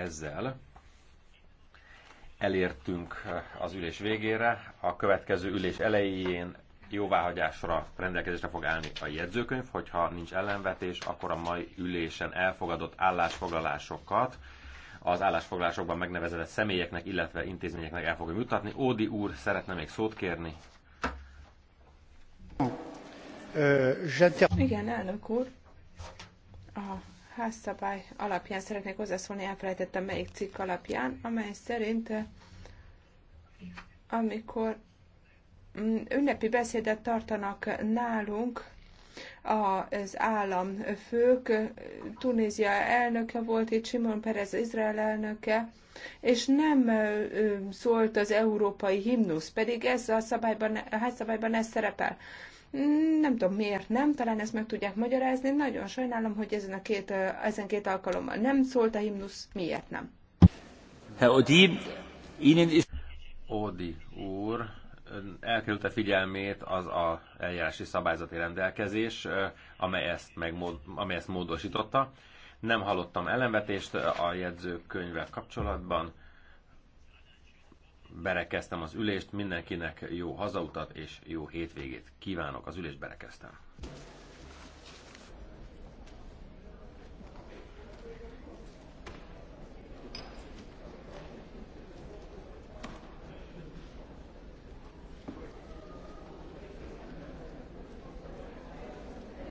ezzel elértünk az ülés végére. A következő ülés elején jóváhagyásra rendelkezésre fog állni a jegyzőkönyv, hogyha nincs ellenvetés, akkor a mai ülésen elfogadott állásfoglalásokat az állásfoglalásokban megnevezett személyeknek, illetve intézményeknek el fogom jutatni. Ódi úr szeretne még szót kérni. Euh, Igen, elnök úr. A házszabály alapján szeretnék hozzászólni, elfelejtettem melyik cikk alapján, amely szerint eh, amikor mm, ünnepi beszédet tartanak nálunk, az államfők, Tunézia elnöke volt itt, Simon Perez Izrael elnöke, és nem szólt az európai himnusz, pedig ez a szabályban, a házszabályban ez szerepel. Nem tudom miért nem, talán ezt meg tudják magyarázni. Nagyon sajnálom, hogy ezen, a két, ezen két alkalommal nem szólt a himnusz, miért nem. Herr Odi, Ihnen is... Odi elkerülte figyelmét az a eljárási szabályzati rendelkezés, amely ezt, megmód, amely ezt módosította. Nem hallottam ellenvetést a jegyzőkönyvvel kapcsolatban. Berekeztem az ülést, mindenkinek jó hazautat és jó hétvégét kívánok. Az ülést berekeztem.